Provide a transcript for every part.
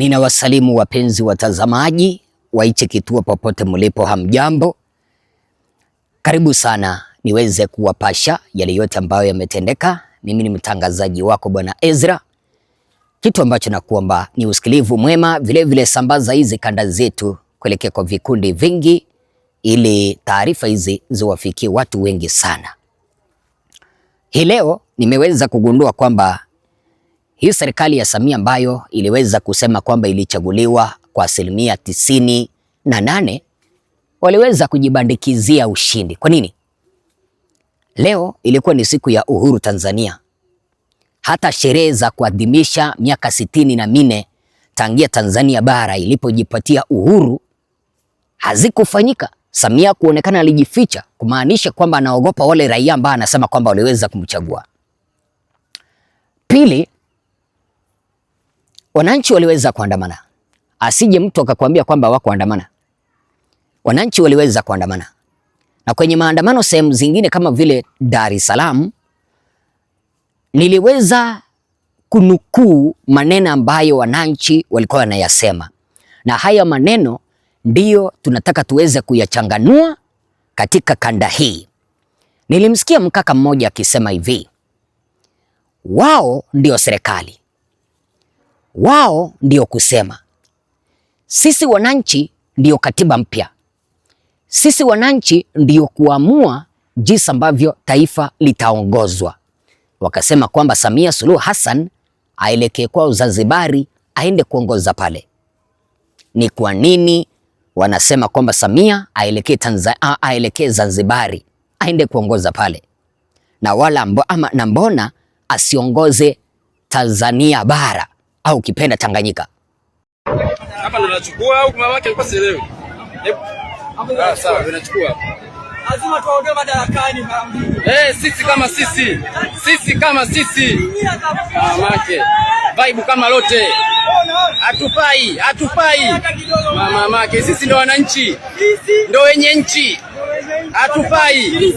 Ninawasalimu wapenzi watazamaji wa hichi kituo popote mlipo, hamjambo? Karibu sana niweze kuwapasha yale yote ambayo yametendeka. Mimi ni mtangazaji wako Bwana Ezra. Kitu ambacho nakuomba ni usikilivu mwema, vilevile vile sambaza hizi kanda zetu kuelekea kwa vikundi vingi, ili taarifa hizi ziwafikie watu wengi sana. Hii leo nimeweza kugundua kwamba hii serikali ya Samia ambayo iliweza kusema kwamba ilichaguliwa kwa asilimia tisini na nane waliweza kujibandikizia ushindi. Kwa nini? Leo ilikuwa ni siku ya uhuru Tanzania. Hata sherehe za kuadhimisha miaka sitini na minne tangia Tanzania bara ilipojipatia uhuru hazikufanyika. Samia kuonekana alijificha, kumaanisha kwamba anaogopa wale raia ambao anasema kwamba waliweza kumchagua. Pili, Wananchi waliweza kuandamana, asije mtu akakwambia kwamba hawakuandamana. Wananchi waliweza kuandamana, na kwenye maandamano sehemu zingine kama vile Dar es Salaam niliweza kunukuu maneno ambayo wananchi walikuwa wanayasema, na haya maneno ndiyo tunataka tuweze kuyachanganua katika kanda hii. Nilimsikia mkaka mmoja akisema hivi, wao ndio serikali wao ndio kusema, sisi wananchi ndio katiba mpya, sisi wananchi ndio kuamua jinsi ambavyo taifa litaongozwa. Wakasema kwamba Samia Suluhu Hassan aelekee kwa zanzibari aende kuongoza pale. Ni kwa nini wanasema kwamba Samia aelekee Tanzania, aelekee Zanzibari, aende kuongoza pale na wala mbo, ama, na mbona asiongoze Tanzania bara? au ukipenda Tanganyika. Hapa ndo nachukua au mama wake alikuwa sielewi. Ah, sawa, tunachukua. Lazima tuongee madarakani mara mbili. Eh, sisi kama sisi. Sisi kama sisi. Mama wake. Vibe kama lote. Hatufai, hatufai. Mama wake, sisi ndo wananchi. Sisi ndo wenye nchi. Hatufai.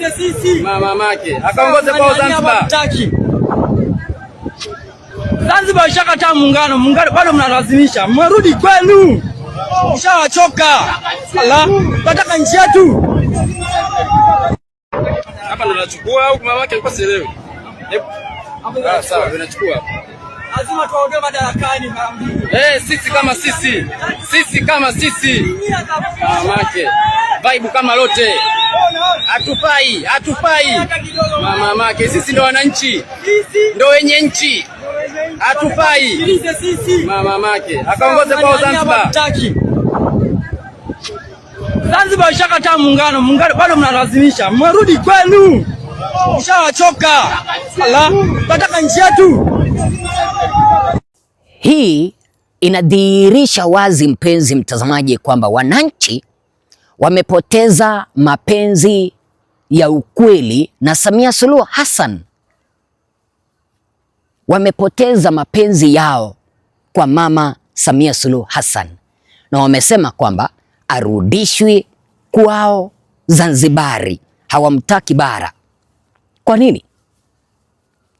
Mama wake. Akaongoze kwa Zanzibar. Zanzibar ishakataa muungano, muungano bado mnalazimisha, mmerudi kwenu, ushawachoka. Ala, tunataka nchi yetu hapa. Ndo nachukua au mama yake alikuwa sielewi? Ah, sawa, nachukua lazima tuondoe madarakani mara mbili. Eh, sisi kama sisi, sisi kama sisi, mama yake vibe kama lote hatufai, hatufai mama yake. Sisi ndo wananchi, ndo wenye nchi atufai mama make akaongoze kwa Zanzibar. Zanzibar ishakataa muungano, muungano bado mnalazimisha, mwarudi kwenu, ishawachoka Ala, tunataka nchi yetu. Hii inadhihirisha wazi, mpenzi mtazamaji, kwamba wananchi wamepoteza mapenzi ya ukweli na Samia Suluhu Hassan wamepoteza mapenzi yao kwa Mama Samia Suluhu Hassan na wamesema kwamba arudishwi kwao Zanzibari, hawamtaki bara. Kwa nini?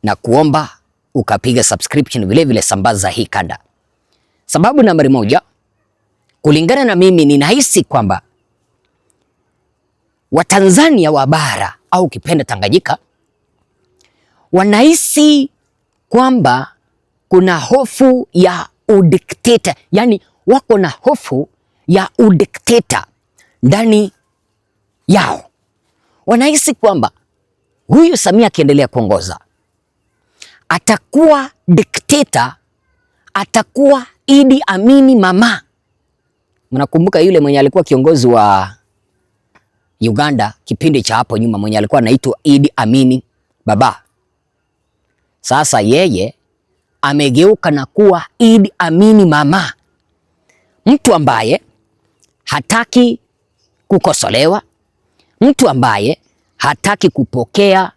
Na kuomba ukapiga subscription vilevile vile, sambaza hii kanda. Sababu nambari moja, kulingana na mimi ninahisi kwamba Watanzania wa bara au kipenda Tanganyika wanahisi kwamba kuna hofu ya udikteta, yaani wako na hofu ya udikteta ndani yao. Wanahisi kwamba huyu Samia akiendelea kuongoza atakuwa dikteta, atakuwa Idi Amini mama. Mnakumbuka yule mwenye alikuwa kiongozi wa Uganda kipindi cha hapo nyuma, mwenye alikuwa anaitwa Idi Amini baba sasa yeye amegeuka na kuwa Idi Amini Mama, mtu ambaye hataki kukosolewa, mtu ambaye hataki kupokea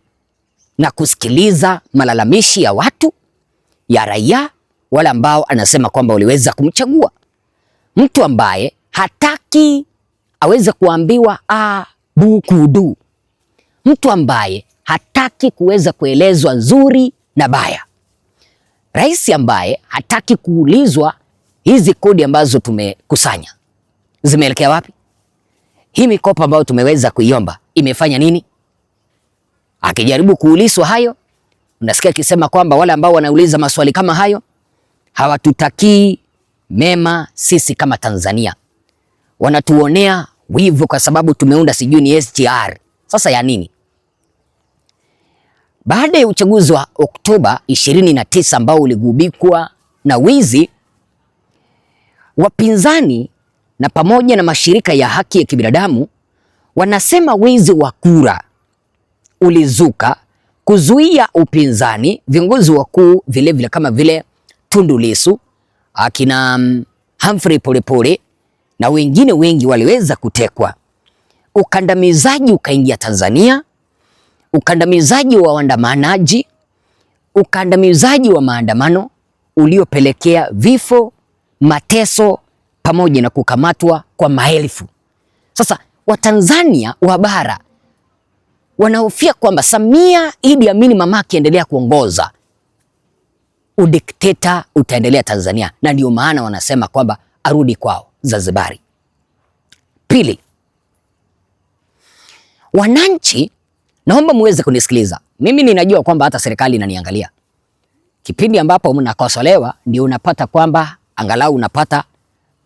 na kusikiliza malalamishi ya watu ya raia wale ambao anasema kwamba waliweza kumchagua, mtu ambaye hataki aweze kuambiwa ah, bukudu, mtu ambaye hataki kuweza kuelezwa nzuri na baya. Rais ambaye hataki kuulizwa hizi kodi ambazo tumekusanya zimeelekea wapi, hii mikopo ambayo tumeweza kuiomba imefanya nini? Akijaribu kuulizwa hayo, unasikia akisema kwamba wale ambao wanauliza maswali kama hayo hawatutakii mema sisi kama Tanzania, wanatuonea wivu kwa sababu tumeunda sijui ni SGR. Sasa ya nini? Baada ya uchaguzi wa Oktoba 29 ambao uligubikwa na wizi, wapinzani na pamoja na mashirika ya haki ya kibinadamu wanasema wizi wa kura ulizuka kuzuia upinzani, viongozi wakuu vilevile kama vile Tundu Lissu, akina mm, Humphrey Polepole na wengine wengi waliweza kutekwa. Ukandamizaji ukaingia Tanzania ukandamizaji wa waandamanaji, ukandamizaji wa maandamano uliopelekea vifo, mateso pamoja na kukamatwa kwa maelfu. Sasa Watanzania wa bara wanahofia kwamba Samia Idi Amini mama akiendelea kuongoza udikteta utaendelea Tanzania, na ndio maana wanasema kwamba arudi kwao Zanzibari. Pili, wananchi Naomba muweze kunisikiliza. Mimi ninajua kwamba hata serikali inaniangalia. Kipindi ambapo mnakosolewa ndio unapata kwamba angalau unapata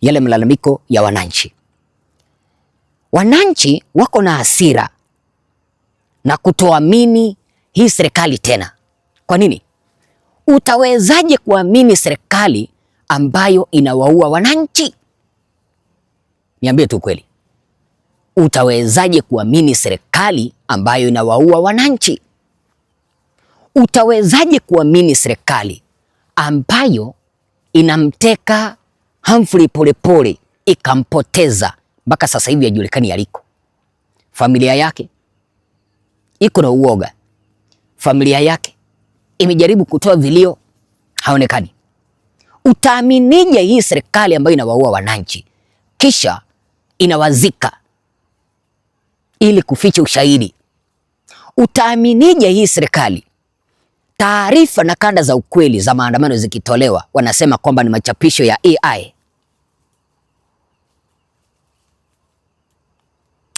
yale malalamiko ya wananchi. Wananchi wako na hasira na kutoamini hii serikali tena. Kwa nini? Utawezaje kuamini serikali ambayo inawaua wananchi? Niambie tu kweli, utawezaje kuamini serikali ambayo inawaua wananchi. Utawezaje kuamini serikali ambayo inamteka Humphrey Polepole ikampoteza mpaka sasa hivi hajulikani aliko? Familia yake iko na uoga, familia yake imejaribu kutoa vilio, haonekani. Utaaminije hii serikali ambayo inawaua wananchi kisha inawazika ili kuficha ushahidi utaaminije hii serikali? Taarifa na kanda za ukweli za maandamano zikitolewa, wanasema kwamba ni machapisho ya AI.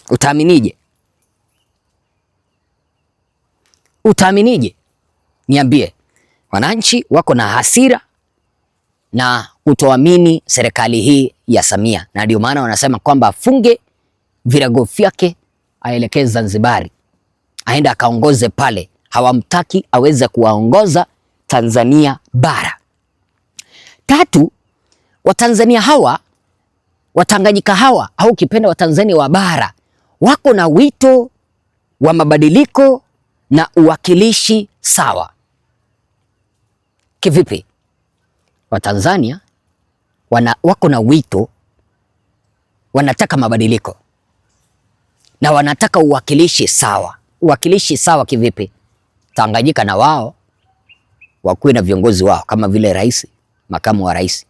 Utaaminije? Utaaminije? Niambie, wananchi wako na hasira na kutoamini serikali hii ya Samia, na ndio maana wanasema kwamba afunge virago vyake aelekee Zanzibari aende akaongoze pale, hawamtaki aweze kuwaongoza Tanzania bara. Tatu, Watanzania hawa Watanganyika hawa au ukipenda Watanzania wa bara wako na wito wa mabadiliko na uwakilishi sawa. Kivipi? Watanzania wana, wako na wito, wanataka mabadiliko na wanataka uwakilishi sawa uwakilishi sawa kivipi? Tanganyika na wao wakuwe na viongozi wao kama vile rais, makamu wa rais,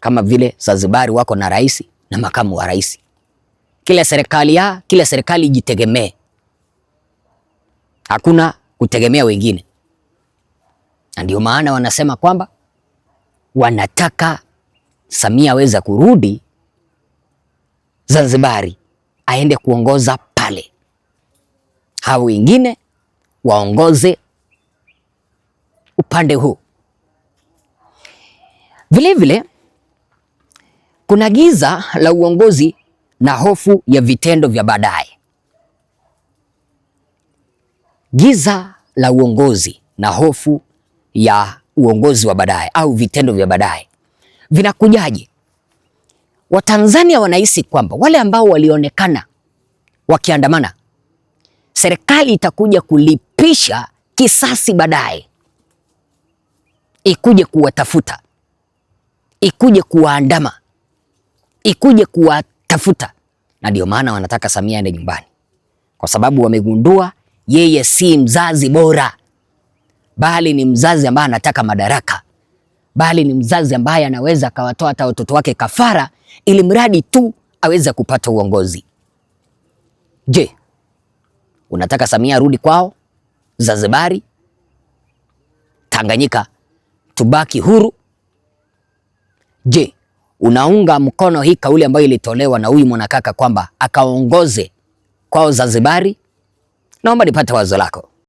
kama vile zanzibari wako na rais na makamu wa rais. Kila serikali ya kila serikali ijitegemee, hakuna kutegemea wengine, na ndio maana wanasema kwamba wanataka Samia aweza kurudi Zanzibari aende kuongoza au wengine waongoze upande huu. Vilevile kuna giza la uongozi na hofu ya vitendo vya baadaye. Giza la uongozi na hofu ya uongozi wa baadaye au vitendo vya baadaye vinakujaje? Watanzania wanahisi kwamba wale ambao walionekana wakiandamana serikali itakuja kulipisha kisasi baadaye, ikuje kuwatafuta, ikuje kuwaandama, ikuje kuwatafuta. Na ndio maana wanataka Samia aende nyumbani, kwa sababu wamegundua yeye si mzazi bora, bali ni mzazi ambaye anataka madaraka, bali ni mzazi ambaye anaweza akawatoa hata watoto wake kafara, ili mradi tu aweze kupata uongozi. Je, Unataka Samia arudi kwao Zanzibari, Tanganyika tubaki huru? Je, unaunga mkono hii kauli ambayo ilitolewa na huyu mwanakaka kwamba akaongoze kwao Zanzibari? Naomba nipate wazo lako.